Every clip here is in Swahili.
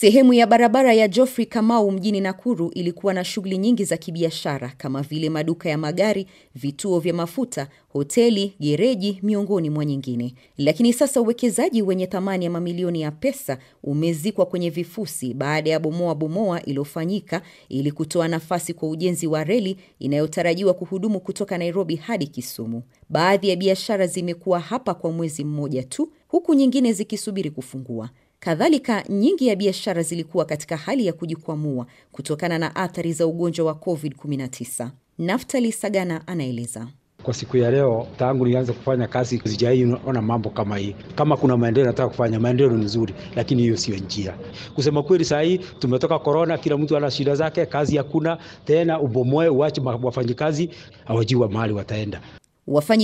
Sehemu ya barabara ya Geoffrey Kamau mjini Nakuru ilikuwa na shughuli nyingi za kibiashara kama vile maduka ya magari, vituo vya mafuta, hoteli, gereji, miongoni mwa nyingine. Lakini sasa uwekezaji wenye thamani ya mamilioni ya pesa umezikwa kwenye vifusi baada ya bomoa bomoa iliyofanyika ili kutoa nafasi kwa ujenzi wa reli inayotarajiwa kuhudumu kutoka Nairobi hadi Kisumu. Baadhi ya biashara zimekuwa hapa kwa mwezi mmoja tu, huku nyingine zikisubiri kufungua. Kadhalika, nyingi ya biashara zilikuwa katika hali ya kujikwamua kutokana na athari za ugonjwa wa COVID-19. Naftali Sagana anaeleza. Kwa siku ya leo, tangu nianze kufanya kazi sijai ona mambo kama hii. Kama kuna maendeleo nataka kufanya, maendeleo ni nzuri, lakini hiyo sio njia. Kusema kweli, saa hii tumetoka korona, kila mtu ana shida zake, kazi hakuna tena, ubomoe, uache wafanyikazi hawajui mahali wataenda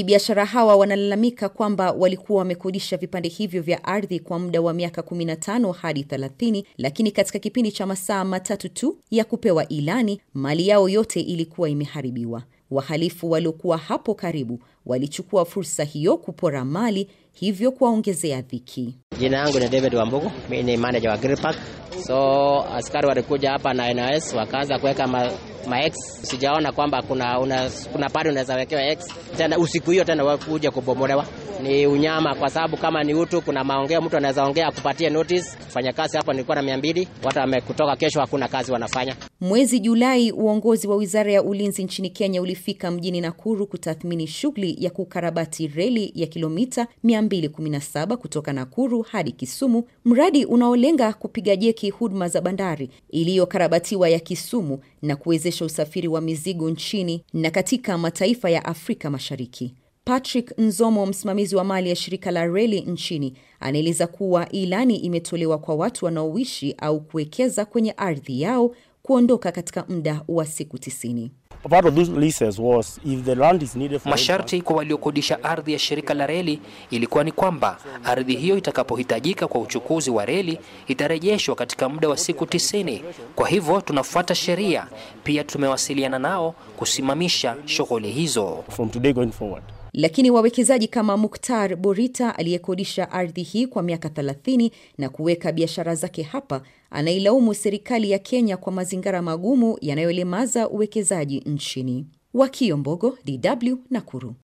biashara hawa wanalalamika kwamba walikuwa wamekodisha vipande hivyo vya ardhi kwa muda wa miaka 15 hadi 30, lakini katika kipindi cha masaa matatu tu ya kupewa ilani, mali yao yote ilikuwa imeharibiwa. Wahalifu waliokuwa hapo karibu walichukua fursa hiyo kupora mali, hivyo kuwaongezea dhiki. Jina yangu ni David Wambugu, mi ni manager wa Green So askari walikuja hapa na NIS wakaanza kuweka ma ex, sijaona kwamba kuna una, kuna pale unaweza wekewa ex tena usiku hiyo tena wakuja kubomolewa. Ni unyama, kwa sababu kama ni utu, kuna maongeo, mtu anaweza ongea akupatie notice. Fanya kazi hapa, nilikuwa na 200 watu wamekutoka, kesho hakuna kazi wanafanya. Mwezi Julai, uongozi wa wizara ya ulinzi nchini Kenya ulifika mjini Nakuru kutathmini shughuli ya kukarabati reli ya kilomita 217 kutoka Nakuru hadi Kisumu, mradi unaolenga kupiga jeki huduma za bandari iliyokarabatiwa ya Kisumu na kuwezesha usafiri wa mizigo nchini na katika mataifa ya Afrika Mashariki. Patrick Nzomo, msimamizi wa mali ya shirika la reli nchini, anaeleza kuwa ilani imetolewa kwa watu wanaoishi au kuwekeza kwenye ardhi yao kuondoka katika muda wa siku tisini. Masharti kwa waliokodisha ardhi ya shirika la reli ilikuwa ni kwamba ardhi hiyo itakapohitajika kwa uchukuzi wa reli itarejeshwa katika muda wa siku tisini. Kwa hivyo tunafuata sheria. Pia tumewasiliana nao kusimamisha shughuli hizo From today going forward lakini wawekezaji kama Muktar Borita aliyekodisha ardhi hii kwa miaka 30 na kuweka biashara zake hapa anailaumu serikali ya Kenya kwa mazingira magumu yanayolemaza uwekezaji nchini. Wakio Mbogo, DW, Nakuru.